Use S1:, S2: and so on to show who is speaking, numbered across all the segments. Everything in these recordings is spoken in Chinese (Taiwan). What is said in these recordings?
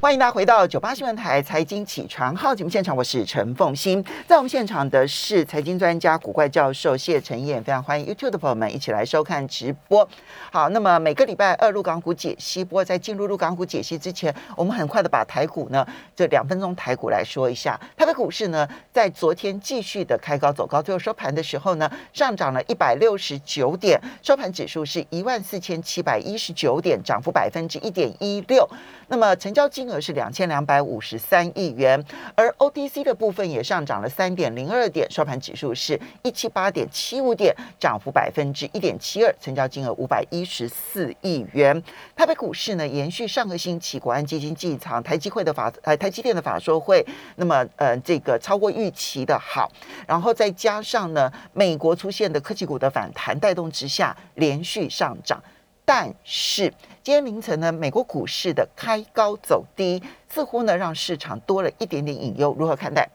S1: 歡迎大家回到九八新聞台財經起床號節目現場，我是陳鳳馨。在我們現場的是財經專家股怪教授謝晨彥，非常歡迎 YouTube 的朋友們一起來收看直播。好，那麼每個禮拜二陸港股解析，不過，在進入陸港股解析之前，我們很快的把台股呢，這兩分鐘台股來說一下。台北股市呢，在昨天繼續的開高走高，最後收盤的時候呢，上漲了一百六十九點，收盤指數是一萬四千七百一十九點，漲幅百分之一點一六。那麼成交金金額是兩千兩百五十三億元，而 OTC 的部分也上漲了三點零二點，收盤指數是一七八點七五點，漲幅百分之一點七二，成交金額五百一十四億元。台北股市呢，延續上個星期，國安基金進場，台積會的法，哎，台積電的法說會，那麼呃，這個超過預期的好，然後再加上呢，美國出現的科技股的反彈帶動之下，連續上漲，但是，今天凌晨呢，美國股市的開高走低，似乎呢讓市場多了一點點隱憂。如何看待？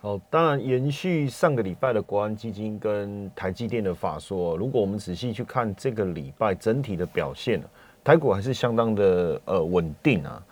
S1: 好，當然延續
S2: 上個禮拜的國安基金跟台積電的法說，如果我們仔細去看這個禮拜整體的表現，台股還是相當的呃穩定啊。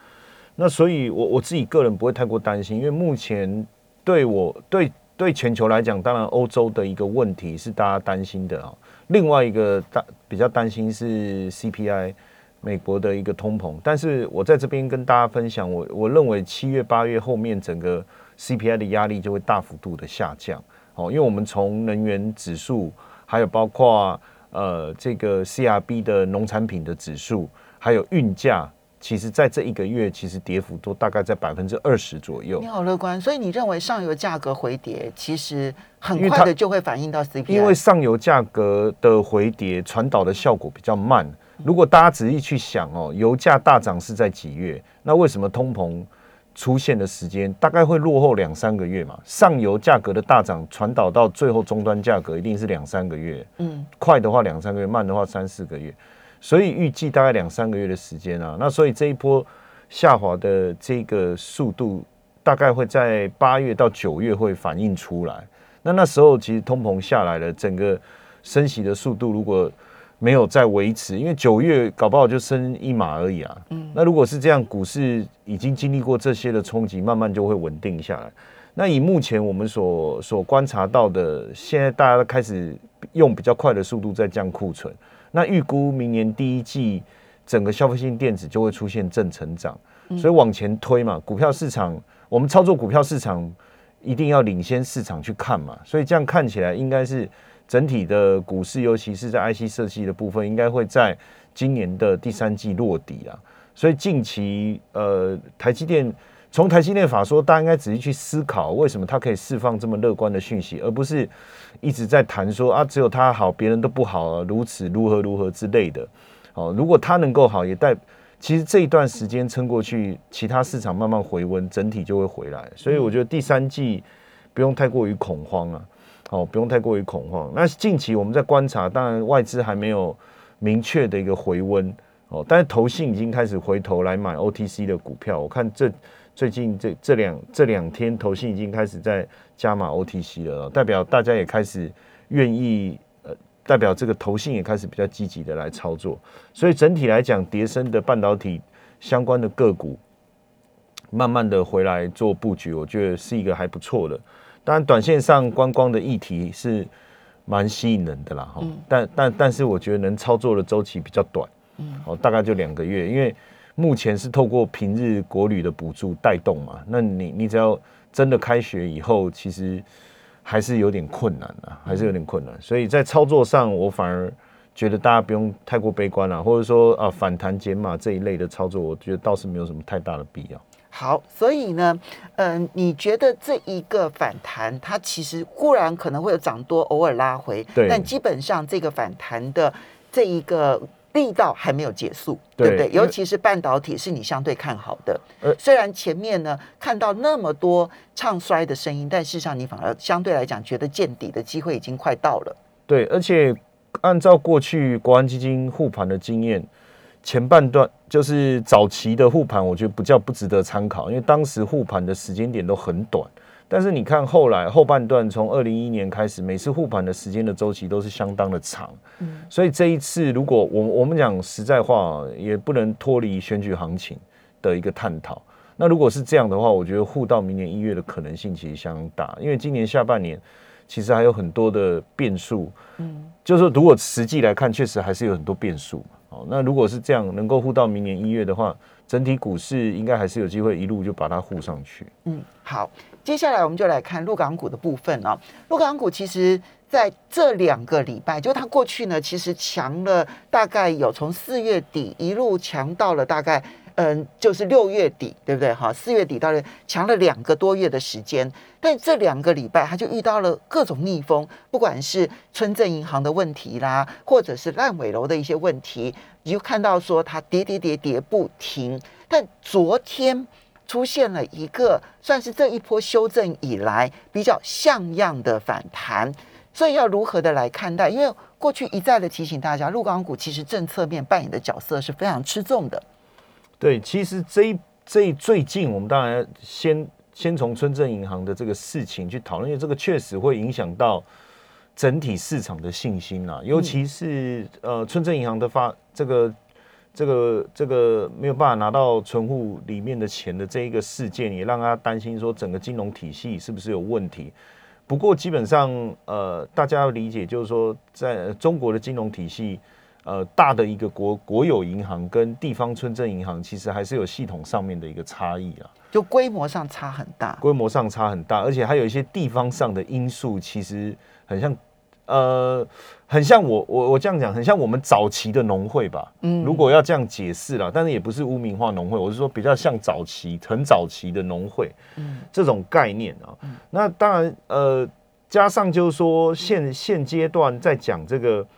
S2: 那所以我，我我自己個人不會太過擔心，因為目前對我對對全球來講，當然歐洲的一個問題是大家擔心的啊。另外一個大比較擔心是 CPI。美國的一個通膨，但是我在這邊跟大家分享，我我認為七月、八月後面整個 CPI 的壓力就會大幅度的下降哦，因為我們從能源指數，還有包括呃這個 CRB 的農產品的指數，還有運價，其實在這一個月其實跌幅都大概在百分之二十左右。
S1: 你好樂觀，所以你認為上游價格回跌其實很快的就會反映到 CPI？因，因為
S2: 上游價格的回跌傳導的效果比較慢。如果大家仔細去想哦，油價大漲是在幾月？那為什麼通膨出現的時間大概會落後兩三個月嘛？上游價格的大漲傳導到最後終端價格，一定是兩三個月。嗯，快的話兩三個月，慢的話三四個月。所以預計大概兩三個月的時間啊。那所以這一波下滑的這個速度，大概會在八月到九月會反映出來。那那時候其實通膨下來了，整個升息的速度如果。沒有再維持，因為九月搞不好就升一碼而已啊。嗯，那如果是這樣，股市已經經歷過這些的衝擊，慢慢就會穩定下來。那以目前我們所所觀察到的，現在大家都開始用比較快的速度在降庫存。那預估明年第一季整個消費性電子就會出現正成長，嗯，所以往前推嘛，股票市場我們操作股票市場一定要領先市場去看嘛。所以這樣看起來應該是。整體的股市，尤其是在 IC 設計的部分，應該會在今年的第三季落底啊。所以近期呃，台積電從台積電法說，大家應該仔細去思考，為什麼它可以釋放這麼樂觀的訊息，而不是一直在談說啊，只有它好，別人都不好啊，如此如何如何之類的。哦，如果它能夠好，也代其實這一段時間撐過去，其他市場慢慢回溫，整體就會回來。所以我覺得第三季不用太過於恐慌啊。哦，不用太過於恐慌。那近期我們在觀察，當然外資還沒有明確的一個回溫哦，但是投信已經開始回頭來買 OTC 的股票。我看這最近這這兩這兩天，投信已經開始在加碼 OTC 了，代表大家也開始願意呃，代表這個投信也開始比較積極的來操作。所以整體來講，跌深的半導體相關的個股，慢慢的回來做布局，我覺得是一個還不錯的。當然，但短線上觀光的議題是蠻吸引人的啦，哈。但但但是，我覺得能操作的周期比較短，嗯，哦，大概就兩個月。因為目前是透過平日國旅的補助帶動嘛，那你你只要真的開學以後，其實還是有點困難啊，還是有點困難。所以在操作上，我反而覺得大家不用太過悲觀啦，或者說啊，反彈減碼這一類的操作，我覺得倒是沒有什麼太大的必要。
S1: 好，所以呢，嗯、呃，你覺得這一個反彈，它其實固然可能會有漲多，偶爾拉回，對，但基本上這個反彈的這一個力道還沒有結束，對，對不對？尤其是半導體是你相對看好的，呃、雖然前面呢看到那麼多唱衰的聲音，但事實上你反而相對來講覺得見底的機會已經快到了，
S2: 對。而且按照過去國安基金護盤的經驗。前半段就是早期的護盤，我覺得比較不值得參考，因為當時護盤的時間點都很短。但是你看後來後半段，從二零一一年開始，每次護盤的時間的周期都是相當的長。所以這一次如果我我們講實在話，也不能脫離選舉行情的一個探討。那如果是這樣的話，我覺得護到明年一月的可能性其實相當大，因為今年下半年其實還有很多的變數。嗯，就是說如果實際來看，確實還是有很多變數。好，那如果是這樣，能夠護到明年一月的話，整體股市應該還是有機會一路就把它護上去。
S1: 嗯，好，接下來我們就來看陸港股的部分哦，陸港股其實在這兩個禮拜，就它過去呢，其實強了大概有從四月底一路強到了大概。嗯，就是六月底，對不對？哈，四月底到了，強了兩個多月的時間，但這兩個禮拜，他就遇到了各種逆風，不管是村鎮銀行的問題啦，或者是爛尾樓的一些問題，你就看到說它跌跌跌跌不停。但昨天出現了一個算是這一波修正以來比較像樣的反彈，所以要如何的來看待？因為過去一再的提醒大家，陸港股其實政策面扮演的角色是非常吃重的。
S2: 對，其實這這最近我們當然先先從村鎮銀行的這個事情去討論，因為這個確實會影響到整體市場的信心啊，尤其是、嗯、呃村鎮銀行的發這個這個這個沒有辦法拿到存戶裡面的錢的這一個事件，也讓他擔心說整個金融體系是不是有問題。不過基本上呃大家要理解就是說，在中國的金融體系。呃，大的一個國國有銀行跟地方村鎮銀行，其實還是有系統上面的一個差異啊，就規模上差很大，規模上差很大，而且還有一些地方上的因素，其實很像，呃，很像我我我這樣講，很像我們早期的農會吧，嗯，如果要這樣解釋啦，但是也不是污名化農會，我是說比較像早期很早期的農會，嗯，這種概念啊，那當然呃，加上就是說現現階段在講這個，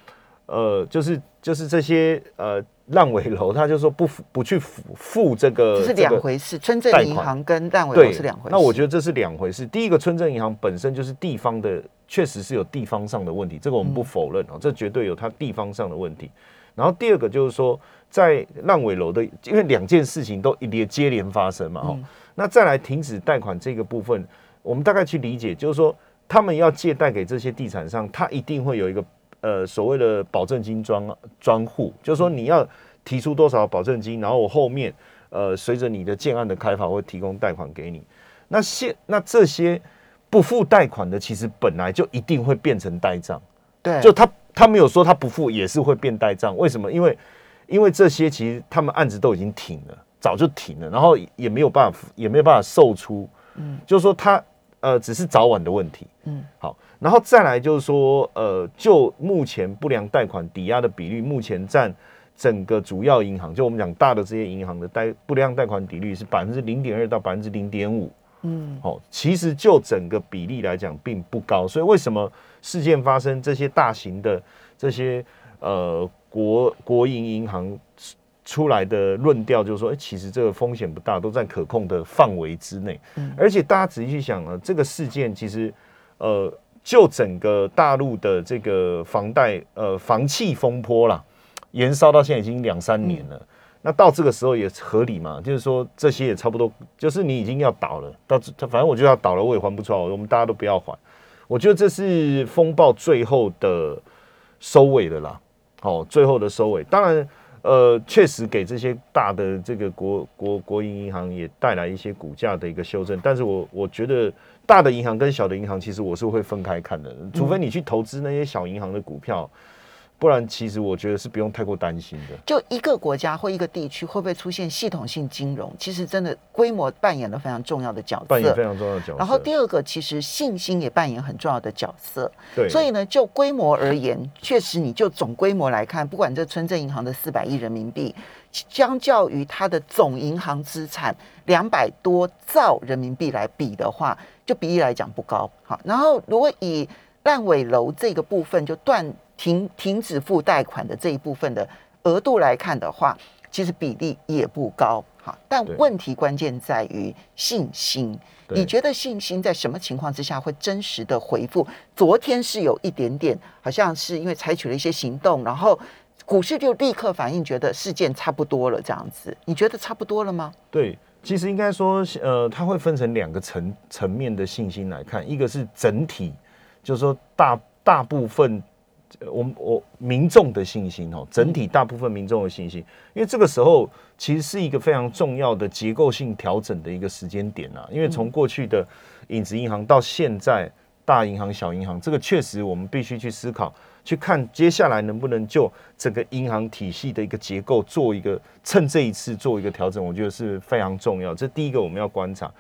S2: 呃，就是。就是這些呃爛尾樓，他就說不不去付，付這個，這是兩回事。村鎮銀行跟
S1: 爛尾樓是兩回事。那我覺
S2: 得這是兩回事。嗯、第一個，村鎮銀行本身就是地方的，確實是有地方上的問題，這個我們不否認哦，嗯、這絕對有它地方上的問題。然後第二個就是說，在爛尾樓的，因為兩件事情都一連接連發生嘛哈、哦。嗯、那再來停止貸款這個部分，我們大概去理解，就是說他們要借貸給這些地產商，他一定會有一個。呃，所謂的保證金專專戶，就是說你要提出多少保證金，然後我後面呃，隨着你的建案的開發，會提供貸款給你。那現那這些不付貸款的，其實本來就一定會變成呆賬。
S1: 對，就他
S2: 他沒有說他不付也是會變呆賬，為什麼？因為因為這些其實他們案子都已經停了，早就停了，然後也沒有辦法也沒有辦法售出。嗯，就是說他呃，只是早晚的問題。嗯，好。然後再來就是說，呃，就目前不良貸款抵押的比率，目前佔整個主要銀行，就我們講大的這些銀行的貸不良貸款比率是百分之零點二到百分之零點五，嗯，哦，其實就整個比例來講並不高，所以為什麼事件發生這些大型的這些呃國國營銀行出來的論調就是說，哎，其實這個風險不大，都在可控的範圍之內，而且大家仔細去想啊，呃，這個事件其實，呃。就整個大陸的這個房貸、呃房企風波啦，延燒到現在已經兩三年了。嗯、那到這個時候也合理嘛？就是說這些也差不多，就是你已經要倒了，到這，反正我就要倒了，我也還不出來，我們大家都不要還。我覺得這是風暴最後的收尾了啦，哦，最後的收尾。當然。呃，確實給這些大的這個國國國營銀行也帶來一些股價的一個修正，但是我我覺得大的銀行跟小的銀行其實我是會分開看的，除非你去投資那些小銀行的股票，不然，其實我覺得是不用太過擔
S1: 心的。就一個國家或一個地區會不會出現系統性金融，其實真的規模扮演了非常重要的角色。扮演非常重要的角色。然後第二個，其實信心也扮演很重要的角色。對。所以呢，就規模而言，確實，你就總規模來看，不管這村鎮銀行的四百億人民幣，相較於它的總銀行資產兩百多兆人民幣來比的話，就比例來講不高。好，然後如果以爛尾樓這個部分就斷停停止付貸款的這一部分的額度來看的話，其實比例也不高好，啊，但問題關鍵在於信心。你覺得信心在什麼情況之下會真實的恢復？昨天是有一點點，好像是因為採取了一些行動，然後股市就立刻反應，覺得事件差不多了這樣子。你覺得差不多了嗎？對，其實應該說，
S2: 呃，它會分成兩個層層面的信心來看，一個是整體。就是說大，大大部分，我們我民眾的信心哦，整體大部分民眾的信心，因為這個時候其實是一個非常重要的結構性調整的一個時間點啊，因為從過去的影子銀行到現在大銀行、小銀行，這個確實我們必須去思考，去看接下來能不能就整個銀行體系的一個結構做一個趁這一次做一個調整，我覺得是非常重要。這第一個我們要觀察。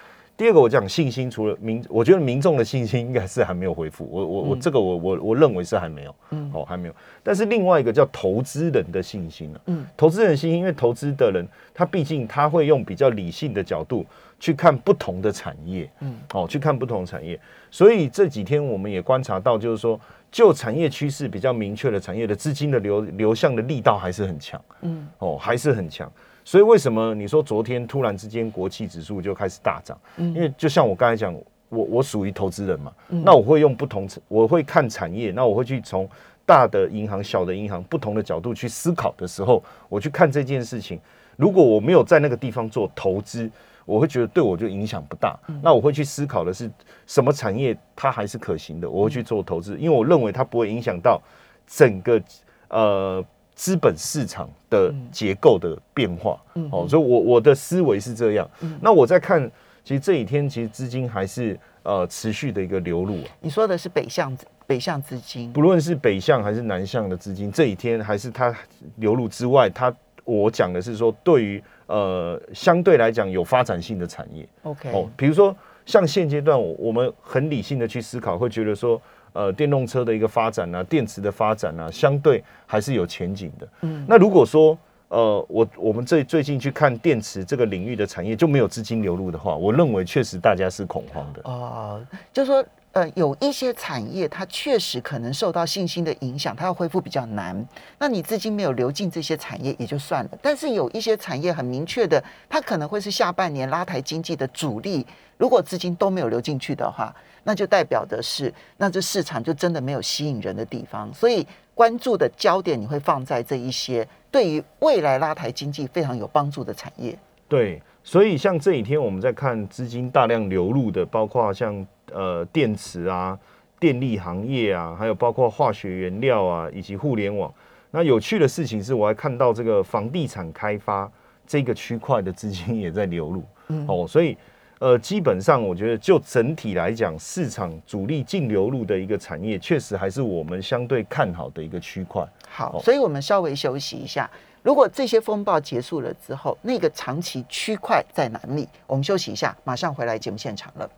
S2: 第二個，我講信心，除了民，我覺得民眾的信心應該是還沒有恢復。我我我，這個我、嗯、我我認為是還沒有，嗯，哦，還沒有。但是另外一個叫投資人的信心、啊、嗯，投資人的信心，因為投資的人他畢竟他會用比較理性的角度去看不同的產業，嗯，哦，去看不同的產業。所以這幾天我們也觀察到，就是說，就產業趨勢比較明確的產業的資金的流流向的力道還是很強，嗯，哦，還是很強。所以為什麼你說昨天突然之間國企指數就開始大漲？因為就像我剛才講，我我屬於投資人嘛，那我會用不同，我會看產業，那我會去從大的銀行、小的銀行不同的角度去思考的時候，我去看這件事情。如果我沒有在那個地方做投資，我會覺得對我就影響不大。那我會去思考的是什麼產業它還是可行的，我會去做投資，因為我認為它不會影響到整個呃。資本市場的結構的變化。嗯，好，嗯嗯哦，所以我我的思維是這樣。嗯嗯、那我在看，其實這幾天其實資金還是呃持續的一個流入啊。你說的是北向
S1: 北向資金，
S2: 不論是北向還是南向的資金，這一天還是它流入之外，它我講的是說對於，對於呃相對來講有發展性的產業，OK，哦，比如說。像現階段，我們很理性的去思考，會覺得說，呃，電動車的一個發展啊，電池的發展啊，相對還是有前景的。嗯、那如果說，呃，我我們最最近去看電池這個領域的產業就沒有資金流入的話，我認為確實大家是恐慌的
S1: 啊、呃。就說。呃，有一些產業它確實可能受到信心的影響，它要恢復比較難。那你資金沒有流進這些產業也就算了，但是有一些產業很明確的，它可能會是下半年拉抬經濟的主力。如果資金都沒有流進去的話，那就代表的是，那這市場就真的沒有吸引人的地方。所以關注的焦點你會放在這一些對於未來拉抬經濟非常有幫助的產業。
S2: 對，所以像這幾天我們在看資金大量流入的，包括像。呃，電池啊，電力行業啊，還有包括化學原料啊，以及互聯網。那有趣的事情是，我還看到這個房地產開發這個區塊的資金也在流入。嗯，哦，所以呃，基本上我覺得就整體來講，市場主力淨流入的一個產
S1: 業，確實還是我們相對看好的一個區塊。哦、好，所以我們稍微休息一下。如果這些風暴結束了之後，那個長期區塊在哪裡？我們休息一下，馬上回來節目現場了。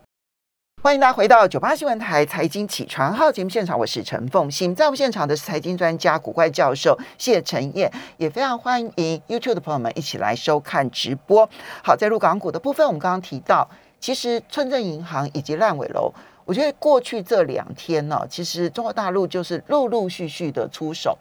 S1: 歡迎大家回到九八新聞台財經起床號節目現場，我是陳鳳馨，在我們現場的財經專家股怪教授謝晨彥，也非常歡迎 YouTube 的朋友們一起來收看直播。好，在陸港股的部分，我們剛剛提到，其實村鎮銀行以及爛尾樓，我覺得過去這兩天呢，其實中國大陸就是陸陸續續的出手。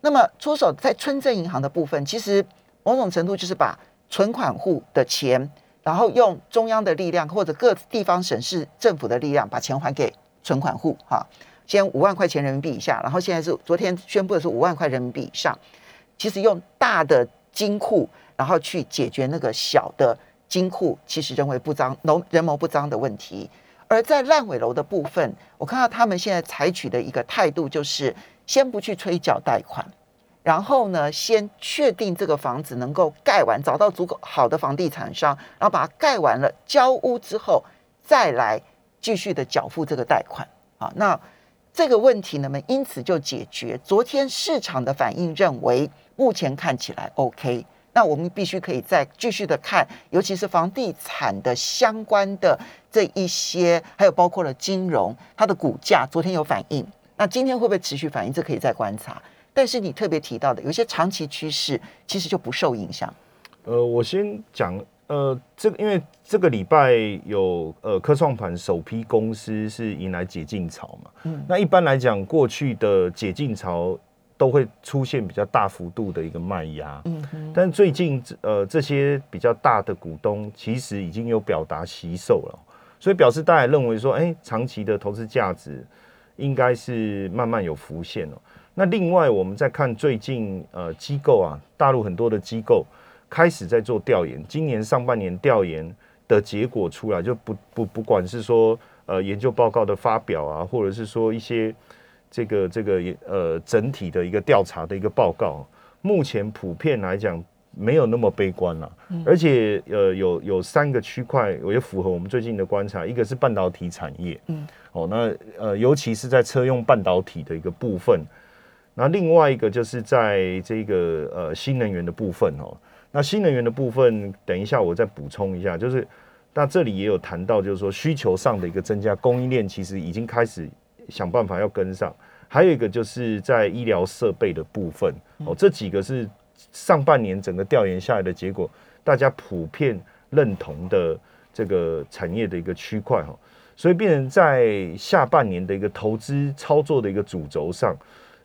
S1: 那麼，出手在村鎮銀行的部分，其實某種程度就是把存款戶的錢。然後用中央的力量或者各地方省市政府的力量把錢還給存款戶哈、啊，先五萬塊錢人民幣以下，然後現在是昨天宣布的是五萬塊人民幣以上，其實用大的金庫，然後去解決那個小的金庫，其實人為不臧，樓人謀不臧的問題。而在爛尾樓的部分，我看到他們現在採取的一個態度就是，先不去催繳貸款。然後呢，先確定這個房子能夠蓋完，找到足夠好的房地產商，然後把它蓋完了，交屋之後，再來繼續的繳付這個貸款。啊，那這個問題呢我們因此就解決。昨天市場的反應認為目前看起來 OK，那我們必須可以再繼續的看，尤其是房地產的相關的這一些，還有包括了金融它的股價，昨天有反應，那今天會不會持續反應？這可以再觀察。但是你特別提到的，有一些長期趨勢其實就不受影響。呃，我先講，呃，這個因為這個禮
S2: 拜有呃科創板首批公司是迎來解禁潮嘛，嗯，那一般來講過去的解禁潮都會出現比較大幅度的一個賣壓，嗯哼，但最近呃這些比較大的股東其實已經有表達惜售了，所以表示大家認為說，哎、欸，長期的投資價值應該是慢慢有浮現了。那另外，我們再看最近呃機構啊，大陸很多的機構開始在做調研。今年上半年調研的結果出來，就不不不管是說呃研究報告的發表啊，或者是說一些這個這個呃整體的一個調查的一個報告啊，目前普遍來講沒有那麼悲觀了啊。嗯，而且呃有有三個區塊我也符合我們最近的觀察，一個是半導體產業，嗯，哦，那呃尤其是在車用半導體的一個部分。那另外一個就是在這個呃新能源的部分哦，那新能源的部分，等一下我再補充一下，就是那這裡也有談到，就是說需求上的一個增加，供應鏈其實已經開始想辦法要跟上，還有一個就是在醫療設備的部分哦，這幾個是上半年整個調研下來的結果，大家普遍認同的這個產業的一個區塊哈，所以變成在下半年的一個投資操作的一個主軸上。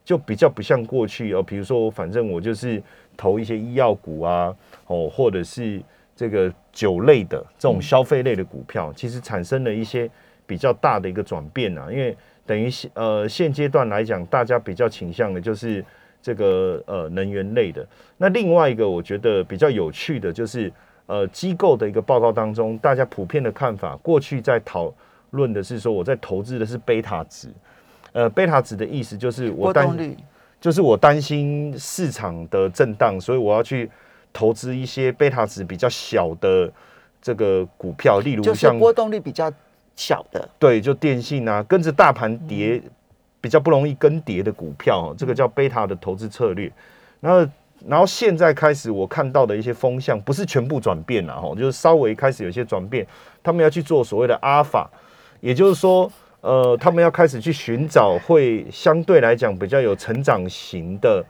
S2: 就比較不像過去哦，比如說反正我就是投一些醫藥股啊，哦，或者是這個酒類的這種消費類的股票，嗯、其實產生了一些比較大的一個轉變啊。因為等於、呃、現呃現階段來講，大家比較傾向的就是這個呃能源類的。那另外一個我覺得比較有趣的就是呃機構的一個報告當中，大家普遍的看法，過去在討論的是說我在投資的是貝塔值。呃，貝塔值的意思就是我擔，就是我擔心市場的震盪，所以我要去投資一些貝塔值比較小的這個股票，例如像就是波動率比較小的，對，就電信啊，跟着大盤跌比較不容易跟跌的股票，哦，嗯，這個叫貝塔的投資策略。然後，然後現在開始我看到的一些風向，不是全部轉變了哈，哦，就是稍微開始有些轉變，他們要去做所謂的阿爾法，也就是說。呃，他們要開始去尋找會相對來講比較有成長型的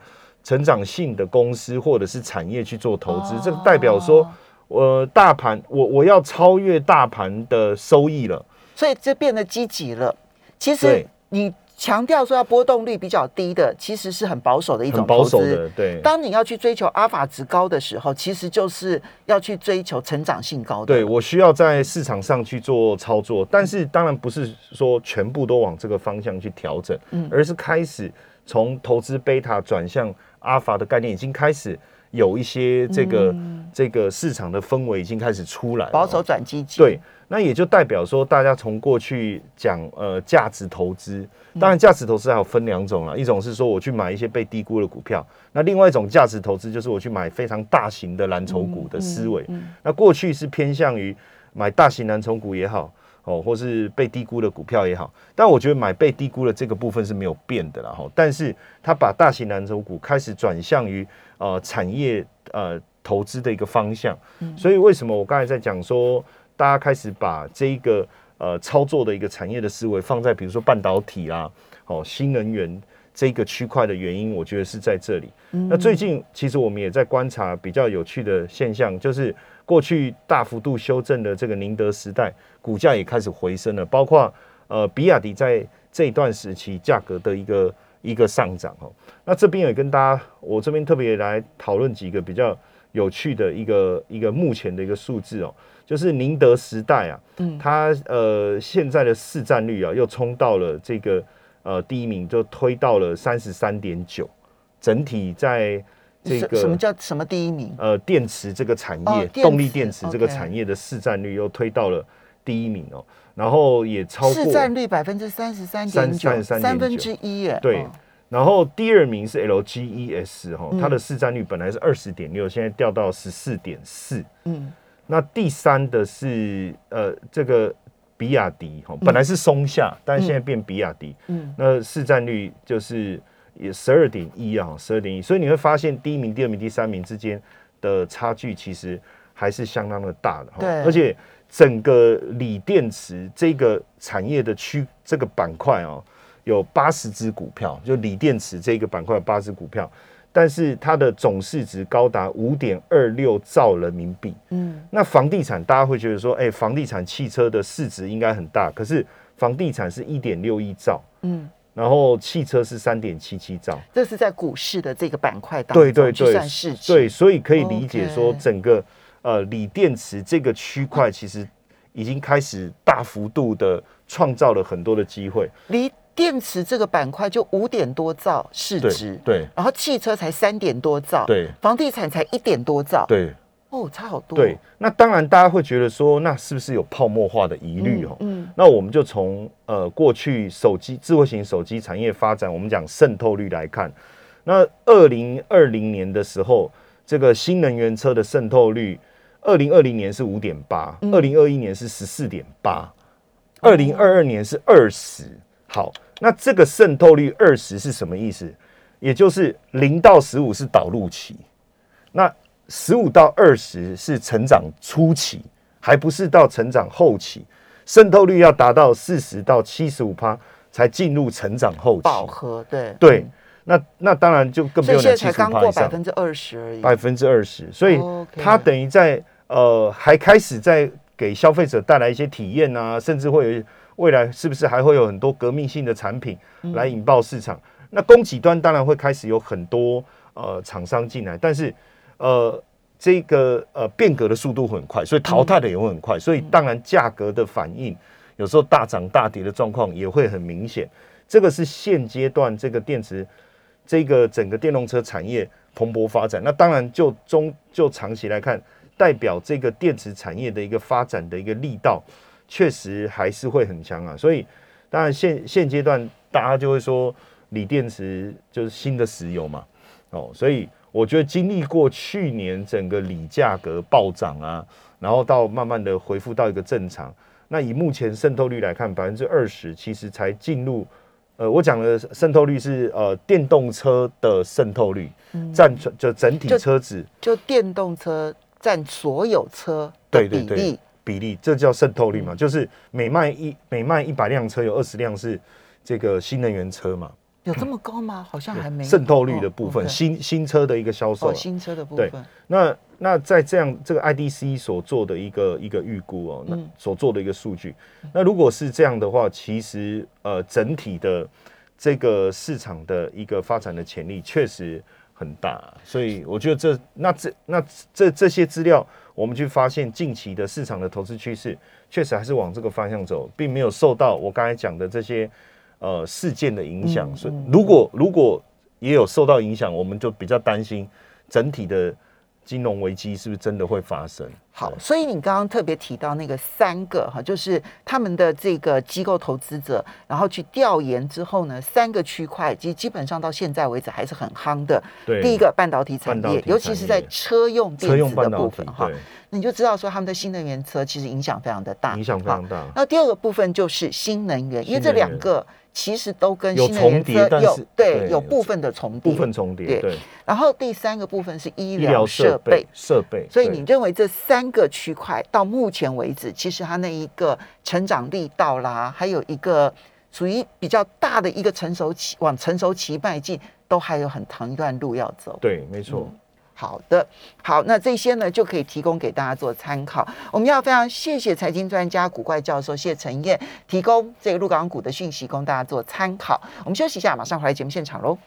S2: 成長性的公司或者是產業去做投資，哦、這個代表說，呃，大盤我我要超越大盤的收益了，
S1: 所以這變得積極了。其實你。強調說要波動率比較低的，其實是很保守的一種投資。很保守的，對。當你要去追求阿法值高的時候，其實就是要去追求成長性高的。對，我
S2: 需要在市場上去做操作，但是當然不是說全部都往這個方向去調整，嗯、而是開始從投資貝塔轉向阿法的概念，已經開始有一些這個、嗯、這個市場的氛圍已經開始出來了。保守轉積極。對。那也就代表說，大家從過去講呃價值投資，當然價值投資還有分兩種啦，一種是說我去買一些被低估的股票，那另外一種價值投資就是我去買非常大型的藍籌股的思維。那過去是偏向於買大型藍籌股也好，哦，或是被低估的股票也好，但我覺得買被低估的這個部分是沒有變的啦。哈，但是它把大型藍籌股開始轉向於呃產業呃投資的一個方向，所以為什麼我剛才在講說。大家開始把這一個呃操作的一個產業的思維放在比如說半導體啦、啊，哦新能源這個區塊的原因，我覺得是在這裡。嗯嗯，那最近其實我們也在觀察比較有趣的現象，就是過去大幅度修正的這個寧德時代股價也開始回升了，包括呃比亞迪在這一段時期價格的一個一個上漲哦。那這邊也跟大家，我這邊特別來討論幾個比較有趣的一個一個目前的一個數字哦。就是寧德時代啊，嗯它，它呃現在的市占率啊又衝到了這個呃第一名，就推到了三十三點九，整體在這個什麼
S1: 叫什麼第一名，
S2: 呃，電池這個產業，哦、動力電池這個產業的市占率又推到了第一名哦，然後也超過 3, 市占
S1: 率百分之三十三點九，三點九，三分之一耶，對，哦、
S2: 然後第二名是 LGES 哈、哦，它的市占率本來是二十點六，現在掉到十四點四，嗯。那第三的是呃這個比亞迪哈、哦，本來是松下，嗯、但現在變比亞迪。嗯。那市占率就是也十二點一啊，十二點一。所以你會發現第一名、第二名、第三名之間的差距其實還是相當的大的。哦、對。而且整個鋰電池這個產業的區這個板塊哦，有八十只股票，就鋰電池這個板塊有八十只股票。但是它的總市值高達五點二六兆人民幣。嗯，那房地產大家會覺得說，哎，房地產、汽車的市值應該很大，可是房地產是一點六一兆，嗯，然後汽車是三點七七兆，
S1: 這是在股市的這個板塊當中計對算市值。
S2: 對，所以可以理解說，整個呃鋰電池這個區塊其實已經開始大幅度的創造了很多的機會。
S1: 電池這個板塊就五點多兆市值，對，對，然後汽車才三點多兆，對，房地產才一點多兆，對，哦，差好多哦。對，
S2: 那當然大家會覺得說，那是不是有泡沫化的疑慮哦？嗯，嗯，那我們就從呃過去手機、智慧型手機產業發展，我們講滲透率來看。那二零二零年的時候，這個新能源車的滲透率，二零二零年是五點八，二零二一年是十四點八，二零二二年是二十，嗯。好，那這個滲透率二十是什麼意思？也就是零到十五是導入期，那十五到二十是成長初期，還不是到成長後期。滲透率要達到四十到七十五趴才進入成長後期。飽和，對對。那那當然就更沒有。這才剛過百分之二十
S1: 而已。百分之二十，所以它
S2: 等於在 Okay. 呃，還開始在給消費者帶來一些體驗啊，甚至會有。未來是不是還會有很多革命性的產品來引爆市場？嗯、那供給端當然會開始有很多呃廠商進來，但是呃這個呃變革的速度很快，所以淘汰的也會很快，所以當然價格的反應有時候大漲大跌的狀況也會很明顯。這個是現階段這個電池這個整個電動車產業蓬勃發展。那當然就中就長期來看，代表這個電池產業的一個發展的一個力道。確實還是會很強啊，所以當然現現階段大家就會說鋰電池就是新的石油嘛，哦，所以我覺得經歷過去年整個鋰價格暴漲啊，然後到慢慢的恢復到一個正常，那以目前滲透率來看，百分之二十其實才進入，呃，我講的滲透率是呃電動車的滲透率佔、嗯、就整體車子
S1: 就，就電動車佔所有車的比例。對對對對
S2: 比例，這叫滲透率嘛？嗯、就是每賣一每賣一百輛車，有二十輛是這個新能源車嘛？
S1: 有這麼高嗎？嗯、好像還沒滲透率的部分，哦 okay、新
S2: 新車的一個銷售、啊哦，新車的部分。那那在這樣這個 IDC 所做的一個一個預估哦，那、嗯、所做的一個數據。嗯、那如果是這樣的話，其實呃，整體的這個市場的一個發展的潛力確實。很大啊，所以我覺得這、那、這、那、這這些資料，我們去發現近期的市場的投資趨勢，確實還是往這個方向走，並沒有受到我剛才講的這些呃事件的影響。所以如果如果也有受到影響，我們就比較擔心整體的
S1: 金融危機是不是真的會發生。好，所以你剛剛特別提到那個三個哈，就是他們的這個機構投資者，然後去調研之後呢，三個區塊其實基本上到現在為止還是很夯的。對，第一個半導體產業，尤其是在車用電子的部分哈，那你就知道說他們的新能源車其實影響非常的大，影響非常大。那第二個部分就是新能源，因為這兩個其實都跟新能源車有對有部分的重疊，部分重疊。對，然後第三個部分是醫療設備設備，所以你認為這三。三個區塊到目前為止，其實它那一個成長力道啦，還有一個屬於比較大的一個成熟期往成熟期邁進，都還有很長一段路要走。對，沒錯、嗯。好的，好，那這些呢就可以提供給大家做參考。我們要非常謝謝財經專家股怪教授謝晨彥提供這個陸港股的訊息，供大家做參考。我們休息一下，馬上回來節目現場嘍。